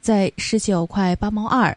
在十九塊八毛二。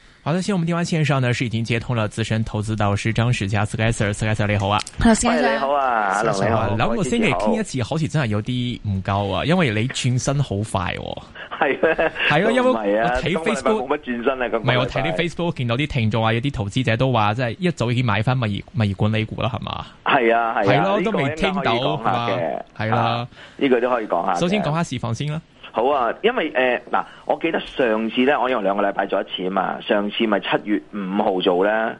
好的，先我們電話線上呢是已經接通了資深投資導師張士佳 s 斯蓋斯爾斯蓋 l 爾，你好啊，張士佳你好啊，阿叔 Hello, 你好，兩個星期傾一次，好似真係啊有啲唔夠啊，因為你轉身好快。啊，係咩 啊。係咯，啊，因為我睇 Facebook 冇乜轉身啊，咁，唔係我睇啲 Facebook 見到啲聽眾啊，有啲投資者都話即係一早已經買翻物業物業管理股啦，係嘛？係 啊，係咯，啊， 都未聽到啊，係、啊、啦，呢，這個都可以講下。首先講下市況先啦。好啊，因為誒嗱、呃，我記得上次咧，我因為兩個禮拜做一次啊嘛。上次咪七月五號做咧，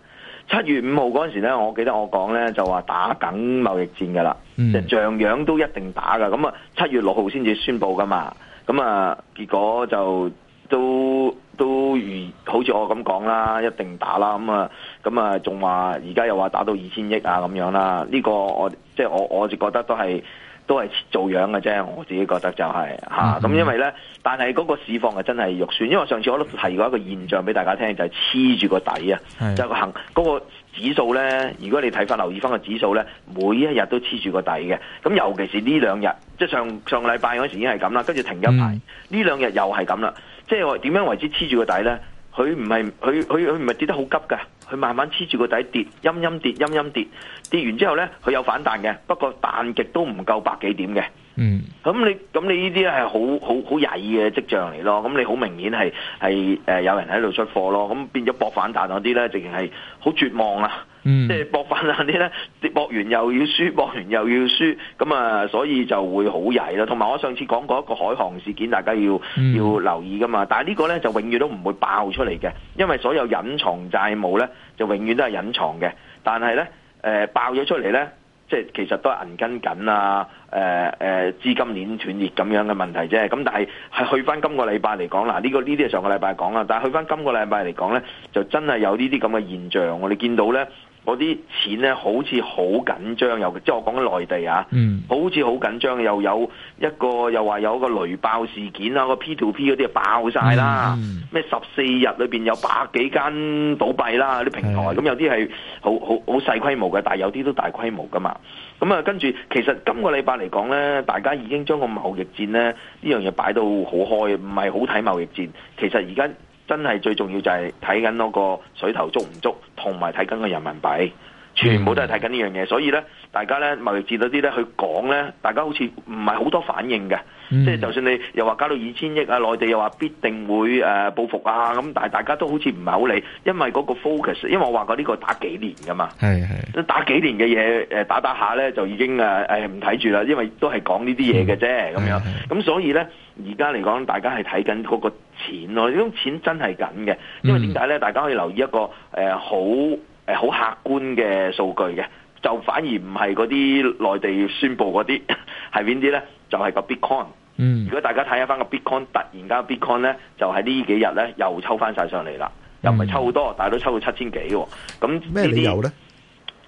七月五號嗰陣時咧，我記得我講咧就話打緊貿易戰噶啦，即係樣樣都一定打噶。咁啊，七月六號先至宣布噶嘛。咁啊，結果就都都如好似我咁講啦，一定打啦。咁啊，咁啊，仲話而家又話打到二千億啊咁樣啦。呢、這個我即係我我就覺得都係。都係做樣嘅啫，我自己覺得就係嚇咁，因為咧，但係嗰個市況係真係肉酸，因為上次我都提過一個現象俾大家聽，就係黐住個底啊，是就個恆嗰個指數咧，如果你睇翻留意翻個指數咧，每一日都黐住個底嘅，咁、嗯、尤其是呢兩日，即、就、係、是、上上禮拜嗰時已經係咁啦，跟住停一排，呢、嗯、兩日又係咁啦，即係點樣為之黐住個底咧？佢唔係佢佢佢唔係跌得好急㗎。佢慢慢黐住個底跌，陰陰跌，陰陰跌，跌完之後呢，佢有反彈嘅，不過彈極都唔夠百幾點嘅。嗯，咁你咁你呢啲係好好曳嘅跡象嚟咯。咁你好明顯係係有人喺度出貨咯。咁變咗搏反彈嗰啲呢，直情係好絕望啦、啊。即係博翻嗰啲咧，博、嗯、 完又要輸，博完又要輸，咁啊，所以就會好曳啦。同埋我上次講過一個海航事件，大家要要留意噶嘛。但係呢個咧就永遠都唔會爆出嚟嘅，因為所有隱藏債務咧就永遠都係隱藏嘅。但係咧，誒、呃，爆咗出嚟咧，即係其實都係銀根緊啊，誒、呃、誒，資、呃、金鏈斷裂咁樣嘅問題啫。咁但係係去翻今個禮拜嚟講啦，呢、這個呢啲係上個禮拜講啦。但係去翻今個禮拜嚟講咧，就真係有呢啲咁嘅現象。我哋見到咧。嗰啲錢咧好似好緊張，又即係我講緊內地啊，嗯、好似好緊張，又有一個又話有一個雷爆事件啊，個 P2P 嗰啲啊爆晒、嗯、啦，咩十四日裏邊有百幾間倒閉啦啲平台，咁的有啲係好好好細規模嘅，但係有啲都大規模噶嘛。咁、嗯、啊，跟住其實今個禮拜嚟講咧，大家已經將個貿易戰咧呢樣嘢擺到好開，唔係好睇貿易戰，其實而家。真係最重要就係睇緊嗰個水頭足唔足，同埋睇緊個人民幣。全部都係睇緊呢樣嘢，所以咧，大家咧，貿易戰嗰啲咧去講咧，大家好似唔係好多反應嘅，嗯、即係就算你又話加到二千億啊，內地又話必定會誒、呃、報復啊，咁但係大家都好似唔係好理，因為嗰個 focus，因為我話過呢個打幾年噶嘛，係係是打幾年嘅嘢誒打打下咧就已經誒誒唔睇住啦，因為都係講呢啲嘢嘅啫咁樣，咁是、嗯、所以咧而家嚟講，大家係睇緊嗰個錢咯，呢種錢真係緊嘅，因為點解咧？大家可以留意一個誒、呃、好。誒，好客觀嘅數據嘅，就反而唔係嗰啲內地宣佈嗰啲係邊啲咧？就係、是、個 Bitcoin。嗯，如果大家睇一翻個 Bitcoin，突然間 Bitcoin 咧就喺呢幾日咧又抽翻晒上嚟啦，嗯、又唔係抽好多，但係都抽到七千幾喎。咁咩理由咧？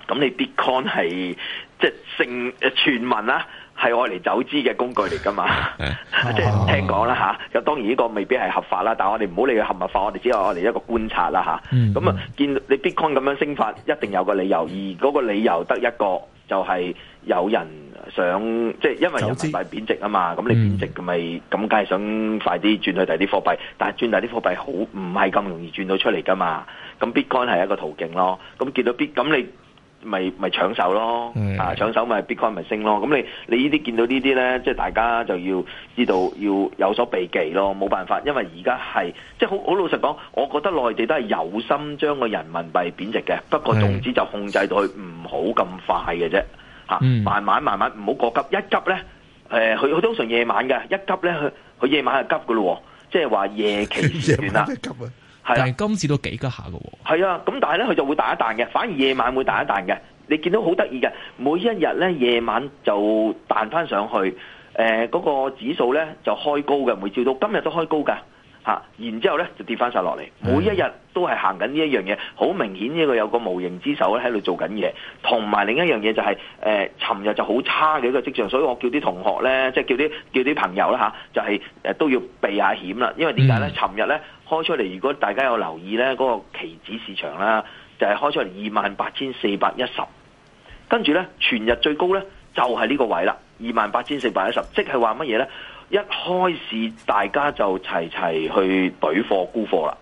咁你 Bitcoin 係即係盛誒傳聞啊？係我哋走資嘅工具嚟噶嘛 即係唔聽講啦吓。咁當然呢個未必係合法啦，但係我哋唔好理佢合唔合法，我哋只係我哋一個觀察啦吓。咁啊，嗯、見你 Bitcoin 咁樣升法，一定有個理由，而嗰個理由得一個就係、是、有人想，即係因為人民幣貶值啊嘛，咁資你貶值咪咁梗係想快啲轉去第啲貨幣，但係轉第啲貨幣好唔係咁容易轉到出嚟噶嘛。咁 Bitcoin 係一個途徑咯。咁見到 Bitcoin 咁你。咪咪 搶手咯，啊 搶手咪必然咪升咯。咁、嗯、你你呢啲見到呢啲咧，即係大家就要知道要有所避忌咯。冇辦法，因為而家係即係好好老實講，我覺得內地都係有心將個人民幣貶值嘅，不過總之就控制到佢唔好咁快嘅啫。嚇、啊，慢慢慢慢，唔好過急。一急咧，誒佢佢通常夜晚嘅，一急咧佢佢夜晚係急嘅咯。即係話夜期時 夜段先急啊！係，但今次都幾急下嘅喎。係啊，咁但係咧，佢就會彈一彈嘅，反而夜晚會彈一彈嘅。你見到好得意嘅，每一日咧夜晚就彈翻上去，誒、呃、嗰、那個指數咧就開高嘅，每朝到今日都開高㗎。吓、啊，然之後咧就跌翻晒落嚟，每一日都係行緊呢一樣嘢，好、嗯、明顯呢個有個無形之手咧喺度做緊嘢，同埋另一樣嘢就係、是、誒，尋、呃、日就好差嘅一個跡象，所以我叫啲同學咧，即係叫啲叫啲朋友啦吓、啊，就係、是、誒、呃、都要避下險啦，因為點解咧？尋、嗯、日咧開出嚟，如果大家有留意咧，嗰、那個期指市場啦，就係、是、開出嚟二萬八千四百一十，跟住咧全日最高咧就係、是、呢個位啦，二萬八千四百一十，即係話乜嘢咧？一開始大家就齊齊去懟貨沽貨啦。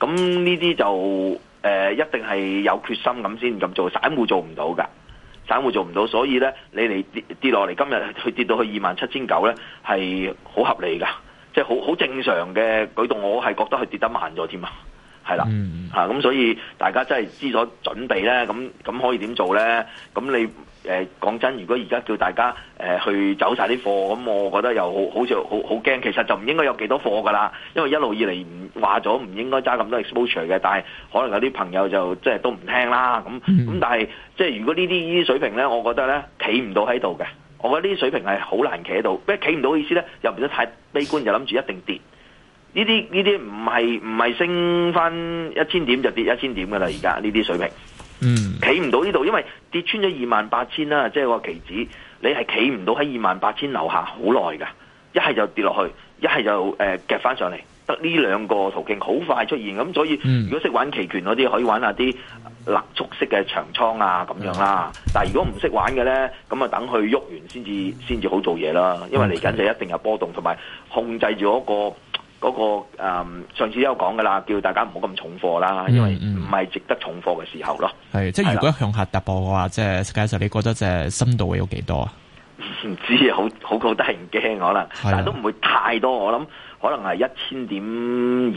咁呢啲就誒、呃，一定係有決心咁先咁做。散戶做唔到㗎，散戶做唔到。所以呢，你嚟跌跌落嚟，今日去跌到去二萬七千九呢，係好合理㗎，即係好好正常嘅舉動。我係覺得佢跌得慢咗添啊！係啦，吓咁、嗯啊、所以大家真係知咗準備咧，咁咁可以點做咧？咁你誒講真，如果而家叫大家誒、呃、去走晒啲貨，咁我覺得又好好似好好驚。其實就唔應該有幾多貨噶啦，因為一路以嚟唔話咗唔應該揸咁多 exposure 嘅，但係可能有啲朋友就即係都唔聽啦。咁咁、嗯嗯、但係即係如果呢啲呢啲水平咧，我覺得咧企唔到喺度嘅。我覺得呢啲水平係好難企喺度。咩企唔到嘅意思咧？又變得太悲觀，就諗住一定跌。呢啲呢啲唔係唔係升翻一千點就跌一千點嘅啦，而家呢啲水平，嗯，企唔到呢度，因為跌穿咗二萬八千啦，即係個期指，你係企唔到喺二萬八千樓下好耐嘅，一係就跌落去，一係就誒、呃、夾翻上嚟，得呢兩個途徑好快出現，咁所以、嗯、如果識玩期權嗰啲可以玩下啲勒縮式嘅長倉啊咁樣啦。嗯、但係如果唔識玩嘅呢，咁啊等佢喐完先至先至好做嘢啦，因為嚟緊就一定有波動，同埋控制住一、嗰個。嗰、那個、嗯、上次都有講㗎喇，叫大家唔好咁重貨啦，因為唔係值得重貨嘅時候咯。係，即係如果向下突破嘅話，的的即係實際上你覺得即係深度會有幾多啊？唔知，好好夠得人驚可能，的但係都唔會太多，我諗。可能係一千點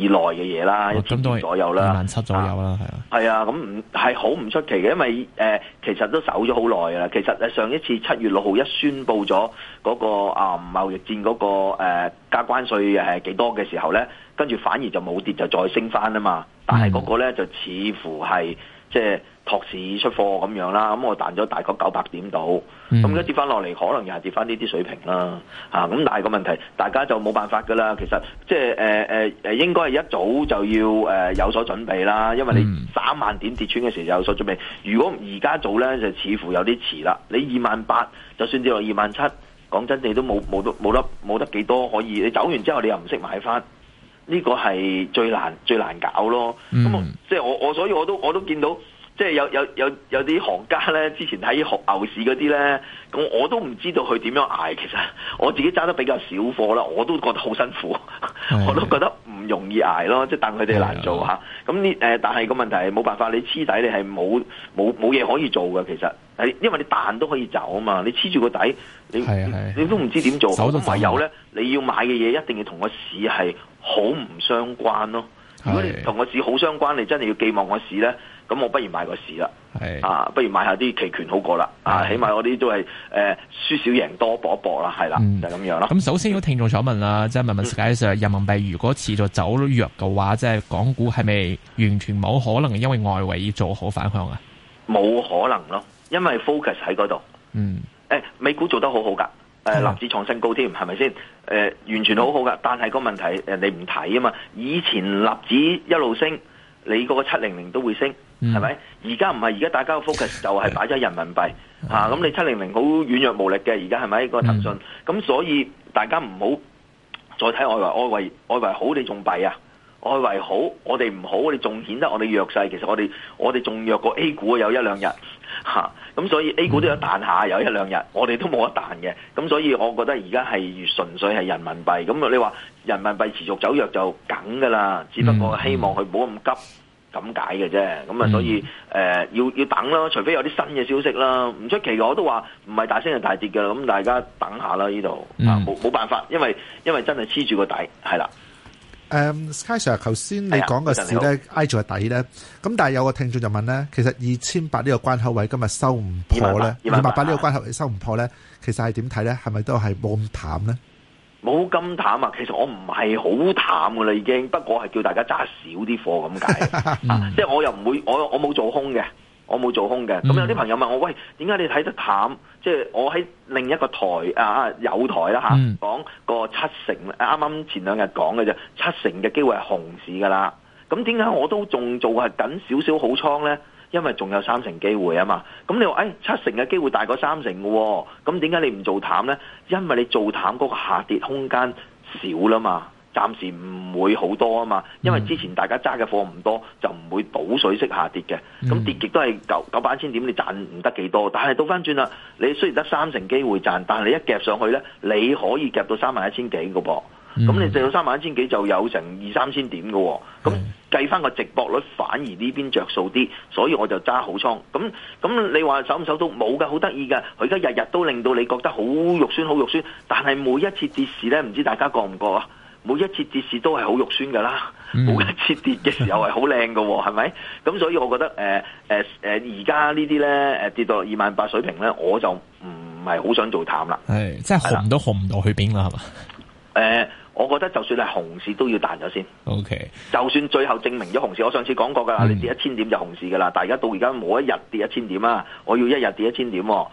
以內嘅嘢啦，哦、一千多左右啦，萬七左右啦，係啊，係啊，咁唔係好唔出奇嘅，因為誒、呃、其實都守咗好耐啦。其實誒上一次七月六號一宣布咗嗰、嗰個啊、呃、貿易戰嗰、嗰個、呃、加關稅係幾多嘅時候咧，跟住反而就冇跌就再升翻啊嘛。但係嗰個咧、嗯、就似乎係即係。托市出貨咁樣啦，咁我彈咗大概九百點度，咁一跌翻落嚟，可能又係跌翻呢啲水平啦。嚇、啊，咁但係個問題，大家就冇辦法㗎啦。其實即係誒誒誒，應該係一早就要誒、呃、有所準備啦。因為你三萬點跌穿嘅時候有所準備。如果而家一早咧，就似乎有啲遲啦。你二萬八就算跌落二萬七，講真你都冇冇得冇得冇得幾多可以。你走完之後，你又唔識買翻，呢、呢個係最難最難搞咯。咁即係我我，所以我都我都見到。即係有有有有啲行家咧，之前睇牛市嗰啲咧，咁我都唔知道佢點樣捱。其實我自己揸得比較少貨啦，我都覺得好辛苦，是的 我都覺得唔容易捱咯。即係但佢哋難做嚇。咁呢誒，但係個問題係冇辦法，你黐底你係冇冇冇嘢可以做嘅。其實因為你彈都可以走啊嘛，你黐住個底，你是的 你，你，你都唔知點做。唯是的 有咧，是的 你要買嘅嘢一定要同個市係好唔相關咯。如果你同個市好相關，你真係要寄望個市咧。咁我不如買個市啦，係是啊，不如買下啲期權好過啦，是啊，起碼我啲都係誒輸少贏多，搏一搏啦，係啦，嗯、就咁樣咯。咁、嗯、首先了了，有聽眾想問啦，即係問問 Sir，、嗯、人民幣如果持續走咗弱嘅話，即係港股係咪完全冇可能，因為外圍要做好反向啊？冇可能咯，因為 focus 喺嗰度。嗯。誒、欸，美股做得好好噶，誒、呃，納指創新高添，係咪先？誒、呃，完全好好噶，但係個問題，誒，你唔睇啊嘛？以前納指一路升，你嗰個七零零都會升。係咪？而家唔係，而家大家 focus 就係擺咗人民幣吓。咁、嗯啊、你七零零好軟弱無力嘅，而家係咪？個騰訊咁，嗯、所以大家唔好再睇外圍，外圍外圍好你仲弊啊！外圍好，我哋唔好，我哋仲顯得我哋弱勢。其實我哋我哋仲弱過 A 股有一兩日吓。咁、啊、所以 A 股都有彈下有一兩日，嗯、我哋都冇得彈嘅。咁所以我覺得而家係純粹係人民幣。咁你話人民幣持續走弱就梗噶啦，只不過希望佢冇咁急。咁解嘅啫，咁啊、嗯，所以誒、呃、要要等咯，除非有啲新嘅消息啦，唔出奇嘅，我都話唔係大升定大跌嘅，咁大家等下啦，呢度、嗯、啊，冇冇辦法，因為因為真係黐住個底，係啦。誒 k y s a r 頭先你講嘅事咧，挨住個底咧，咁但係有個聽眾就問咧，其實二千八呢個關口位今日收唔破咧，二萬八呢個關口位收唔破咧，其實係點睇咧？係咪都係冇咁淡咧？冇咁淡啊！其實我唔係好淡噶啦，已經不。不過係叫大家揸少啲貨咁解，即係我又唔會，我我冇做空嘅，我冇做空嘅。咁 有啲朋友問我：喂，點解你睇得淡？即係我喺另一個台啊，有台啦吓，講、啊、個七成，啱、啊、啱前兩日講嘅啫，七成嘅機會係熊市噶啦。咁點解我都仲做係緊少少好倉呢？因為仲有三成機會啊嘛，咁你話誒、哎、七成嘅機會大過三成嘅、哦，咁點解你唔做淡呢？因為你做淡嗰個下跌空間少啦嘛，暫時唔會好多啊嘛。因為之前大家揸嘅貨唔多，就唔會倒水式下跌嘅。咁跌極都係九九百一千點，你賺唔得幾多。但係倒翻轉啦，你雖然得三成機會賺，但係你一夾上去呢，你可以夾到三萬一千幾個噃。咁、嗯、你淨到三萬一千幾就有成二三千點嘅、哦，咁計翻個直博率反而呢邊着數啲，所以我就揸好倉。咁咁你話守唔守到？冇嘅，好得意嘅。佢而家日日都令到你覺得好肉酸，好肉酸。但係每一次跌市咧，唔知大家覺唔覺啊？每一次跌市都係好肉酸嘅啦。嗯、 每一次跌嘅時候係好靚嘅，係咪？咁所以我覺得誒誒誒，而、呃、家、呃呃呃、呢啲咧誒跌到二萬八水平咧，我就唔係好想做淡啦。係，即係紅都紅唔到去邊啦，係嘛？誒、呃，我覺得就算係熊市都要彈咗先。OK，就算最後證明咗熊市，我上次講過噶啦，你跌一千點就熊市噶啦，但係而家到而家冇一日跌一千點啊，我要一日跌一千點、哦。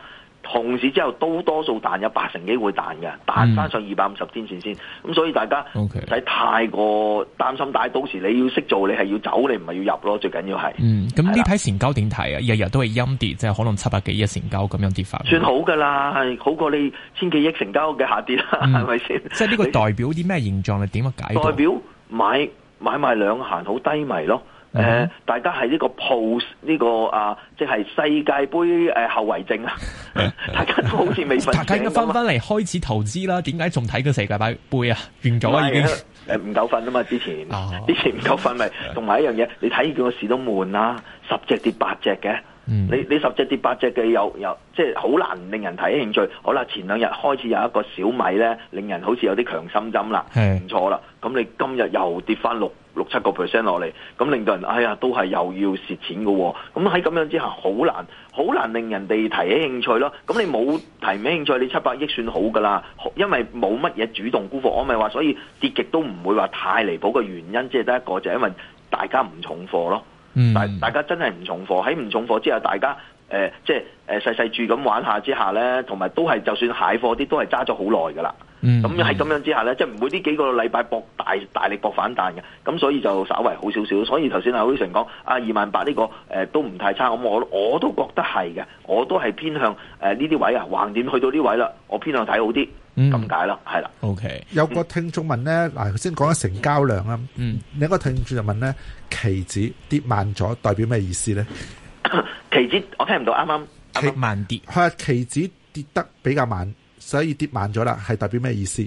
同時之後都多數彈，有八成機會彈嘅，彈翻上二百五十天線先。咁、嗯、所以大家唔使太過擔心。Okay. 但係到時你要識做，你係要走，你唔係要入咯。最緊要係、嗯。嗯，咁呢批成交點睇啊？日日都係陰跌，即係可能七百幾億成交咁樣跌法。算好噶啦，好過你千幾億成交嘅下跌啦，係咪先？ 吧即係呢個代表啲咩現狀？你點解？代表買買，買賣兩行好低迷咯。誒，uh huh. 大家係呢個 pose 呢、呢個啊，即係世界杯誒後遺症啊， 大家都好似未瞓醒。 大家翻翻嚟開始投資啦，點解仲睇佢世界杯杯啊？完咗啦是已經。誒，唔夠瞓啊嘛，之前，uh huh. 之前唔夠瞓咪。同埋一樣嘢，你睇佢睇見個市都悶啦，十隻跌八隻嘅，你你十隻跌八隻嘅又又即係好難令人睇興趣。好啦，前兩日開始有一個小米咧，令人好似有啲強心針啦，唔、uh huh. 錯啦。咁你今日又跌翻六。六七個 percent 落嚟，咁令到人哎呀，都係又要蝕錢嘅、哦。咁喺咁樣之下，好難，好難令人哋提起興趣咯。咁你冇提起興趣，你七百億算好噶啦，因為冇乜嘢主動沽貨。我咪話，所以跌極都唔會話太離譜嘅原因，即係得一個就係、因為大家唔重貨咯。嗯，大大家真係唔重貨，喺唔重貨之後，大家誒、呃、即係誒、呃、細細住咁玩下之下咧，同埋都係就算蟹貨啲都係揸咗好耐噶啦。嗯，咁喺咁樣之下咧，即係唔會呢幾個禮拜博大大力搏反彈嘅，咁所以就稍為好少少。所以頭先阿 Wilson 講啊，二萬八呢個誒、呃、都唔太差，咁我我都覺得係嘅，我都係偏向誒呢啲位啊，橫掂去到呢位啦，我偏向睇好啲，咁、嗯、解啦，係啦。O Okay , K，、嗯、有個聽眾問咧，嗱，頭先講咗成交量啊，嗯，另一個聽眾就問咧，期指跌慢咗代表咩意思咧？期指 我聽唔到，啱啱。跌慢跌係期指跌得比較慢。所以跌慢咗啦，係代表咩意思？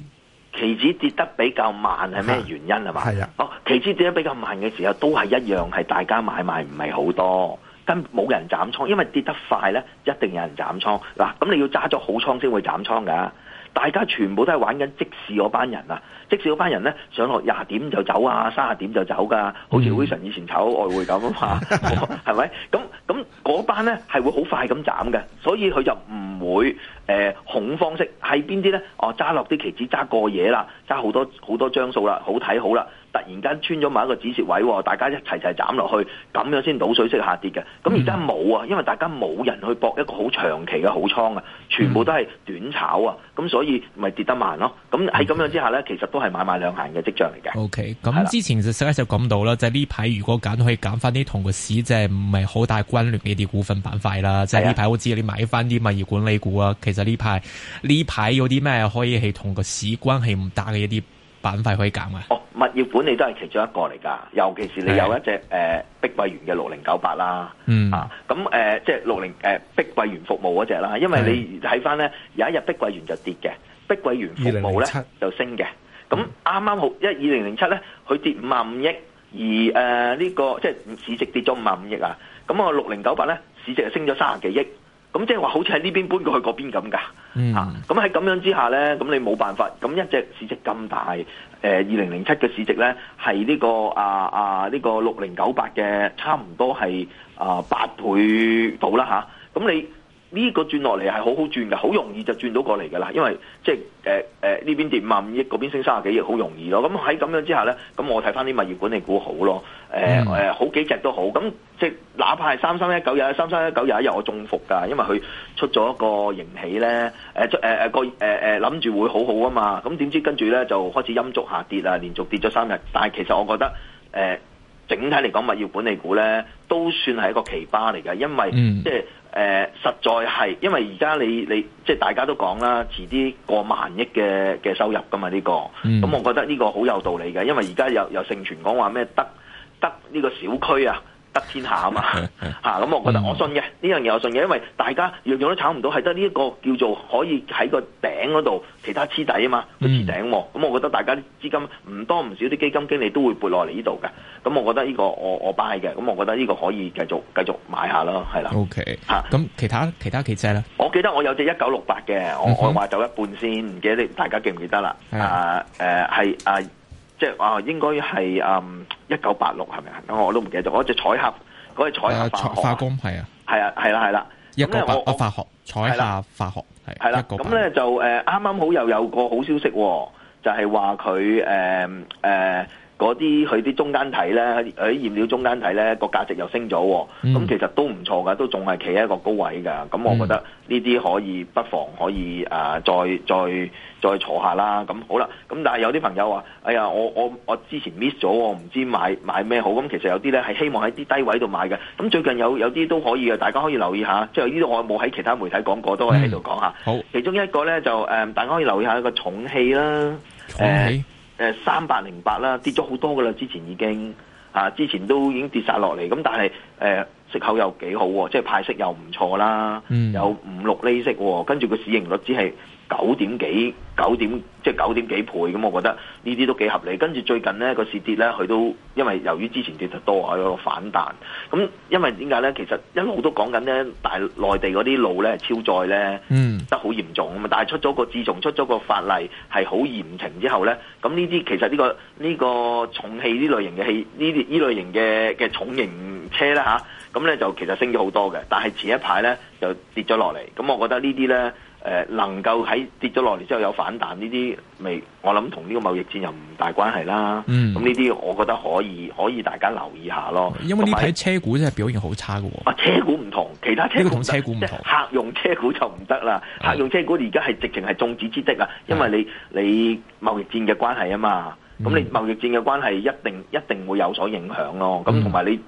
期指跌得比較慢係咩原因係嘛？係啊，啊哦，期指跌得比較慢嘅時候，都係一樣係大家買賣唔係好多，但冇人斬倉，因為跌得快呢，一定有人斬倉嗱，咁你要揸咗好倉先會斬倉噶。大家全部都係玩緊即時嗰班人啊！即時嗰班人咧，上落廿點就走啊，三十點就走噶、啊，好似 Wilson 以前炒外匯咁啊，嘛， 係咪？咁咁嗰班咧係會好快咁斬嘅，所以佢就唔會誒、呃、恐慌式係邊啲咧？哦，揸落啲旗子揸過夜啦，揸好多好多張數啦，好睇好啦。突然間穿咗埋一個止蝕位，大家一齊齊斬落去，咁樣先倒水式下跌嘅。咁而家冇啊，因為大家冇人去搏一個好長期嘅好倉啊，全部都係短炒啊，咁、嗯、所以咪跌得慢咯。咁喺咁樣之下呢，其實都係買賣兩行嘅跡象嚟嘅。O K，咁之前就實際就講到啦，就係呢排如果揀，可以揀翻啲同個市即係唔係好大關聯嘅啲股份板塊啦。即係呢排我知你買翻啲物業管理股啊，其實呢排呢排有啲咩可以係同個市關係唔大嘅一啲。板塊可以減啊！哦，物業管理都係其中一個嚟㗎，尤其是你有一隻誒是的、呃、碧桂園嘅六零九八啦，啊咁誒，即係六零誒碧桂園服務嗰隻啦，因為你睇返咧有一日碧桂園就跌嘅，碧桂園服務咧 2007 就升嘅。咁啱啱好一二零零七咧，佢跌五萬五億，而誒呢、呃這個即係市值跌咗五萬五億啊。咁我六零九八咧市值係升咗三十幾億。咁即係話，好似喺呢邊搬過去嗰邊咁噶，吓，咁喺咁樣之下咧，咁你冇辦法，咁一隻市值咁大，誒二零零七嘅市值咧，係呢個啊啊呢個六零九八嘅差唔多係啊八倍到啦吓，咁、啊、你呢個轉落嚟係好好轉嘅，好容易就轉到過嚟噶啦，因為即係誒誒呢邊跌五十五億，嗰邊升三十幾億，好容易咯。咁喺咁樣之下咧，咁我睇翻啲物業管理股好咯，誒誒好幾隻都好咁。即哪怕係三三一九日，三三一九日一日我中伏㗎，因為佢出咗個盈喜咧，誒誒誒個誒誒諗住會好好啊嘛，咁點知跟住咧就開始陰燭下跌啊，連續跌咗三日。但係其實我覺得誒整體嚟講物業管理股咧都算係一個奇葩嚟㗎，因為即係誒實在係因為而家你你即係大家都講啦，遲啲過萬億嘅嘅收入㗎嘛呢個，咁我覺得呢個好有道理嘅，因為而家又有盛傳講話咩得得呢個小區啊。得天下啊嘛，嚇咁、 嗯， 我覺得我信嘅呢、嗯、樣嘢我信嘅，因為大家樣樣都炒唔到，係得呢一個叫做可以喺個頂嗰度，其他黐底啊嘛，佢黐頂喎、啊，咁、嗯嗯、我覺得大家啲資金唔多唔少，啲基金經理都會撥落嚟呢度嘅，咁、嗯、我覺得呢個我我 buy 嘅，咁我覺得呢個可以繼續繼續買下咯，係啦。O K 嚇，咁其他其他幾隻咧？我記得我有隻一九六八嘅，我、嗯、我話走一半先，唔記得你大家記唔記得啦？啊誒係啊。Uh, uh, 即係、um, 啊，應該係嗯一九八六係咪啊？我都唔記得咗。嗰隻彩盒，嗰個彩盒，化工係啊，係啊，係啦，係、呃、啦。因為我我化學彩化化學係啦，咁咧就誒啱啱好又有個好消息，就係話佢誒誒。呃呃嗰啲去啲中間體呢，喺原料中間體呢個價值又升咗，咁其實都唔錯噶，都仲係企喺一個高位噶。咁我覺得呢啲可以不妨可以誒、呃、再再再坐下啦。咁好啦，咁但係有啲朋友話：哎呀，我我我之前 miss 咗，我唔知買買咩好。咁其實有啲呢係希望喺啲低位度買嘅。咁最近有有啲都可以嘅，大家可以留意下。即係呢度我冇喺其他媒體講過，都可以喺度講下、嗯。好，其中一個呢，就誒、呃，大家可以留意一下一個重器啦，重器、呃誒，三百零八啦，跌咗好多噶啦，之前已經啊，之前都已經跌晒落嚟，咁但係誒。呃息口又幾好喎，即係派息又唔錯啦，嗯、有五六厘息喎，跟住個市盈率只係九點幾、九點即係、就是、九點幾倍，咁我覺得呢啲都幾合理。跟住最近呢個市跌呢，佢都因為由於之前跌得多，有反彈。咁因為點解呢？其實一路都講緊呢，大內地嗰啲路呢，超載呢、嗯、得好嚴重啊嘛。但係出咗個自從出咗個法例係好嚴懲之後呢，咁呢啲其實呢、這個呢、這個重汽呢類型嘅汽呢啲呢類型嘅嘅重型，型，型，型，型車呢。嚇。咁咧就其實升咗好多嘅，但係前一排咧就跌咗落嚟。咁、嗯、我覺得呢啲咧，誒、呃、能夠喺跌咗落嚟之後有反彈，呢啲未，我諗同呢個貿易戰又唔大關係啦。嗯，咁呢啲我覺得可以，可以大家留意下咯。因為呢批車股真係表現好差嘅喎。啊，車股唔同，其他車股唔同。同客用車股就唔得啦。哦、客用車股而家係直情係眾矢之的啊，嗯、因為你你貿易戰嘅關係啊嘛。咁你貿易戰嘅關,關係一定一定,一定會有所影響咯。咁同埋你。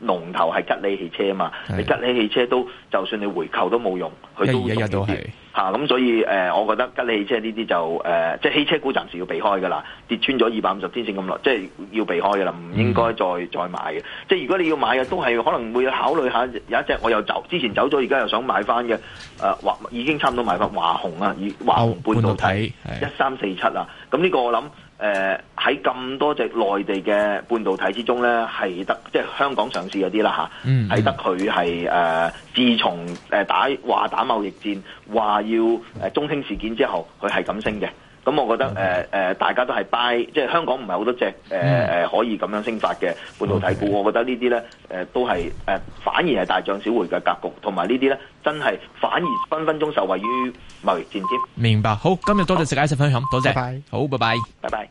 龍頭係吉利汽車啊嘛，的你吉利汽車都，就算你回購都冇用，佢都日日都跌。嚇咁、啊嗯、所以誒、呃，我覺得吉利汽車呢啲就誒、呃，即係汽車股暫時要避開㗎啦，跌穿咗二百五十天線咁耐，即係要避開㗎啦，唔應該再再買嘅。嗯、即係如果你要買嘅，都係可能會考慮下有一隻我又走，之前走咗，而家又想買翻嘅。誒、呃、華已經差唔多買翻華虹啊，而華虹半導體一三四七啊，咁呢的、嗯、個我諗。誒，喺咁多隻內地嘅半導體之中呢，係得即係香港上市嗰啲啦嚇，係、啊、得佢係誒自從誒、呃、打話打貿易戰，話要誒、呃、中興事件之後，佢係咁升嘅。咁我覺得誒誒 Okay.、呃呃，大家都係 buy，即係香港唔係好多隻誒誒、呃 Yeah. 呃、可以咁樣升法嘅半導體股，Okay. 我覺得呢啲咧誒都係誒、呃、反而係大漲小回嘅格局，同埋呢啲咧真係反而分分鐘受惠於貿易戰添。明白，好，今日多謝士佳一齊分享，好多謝，拜拜。好，拜拜，拜拜。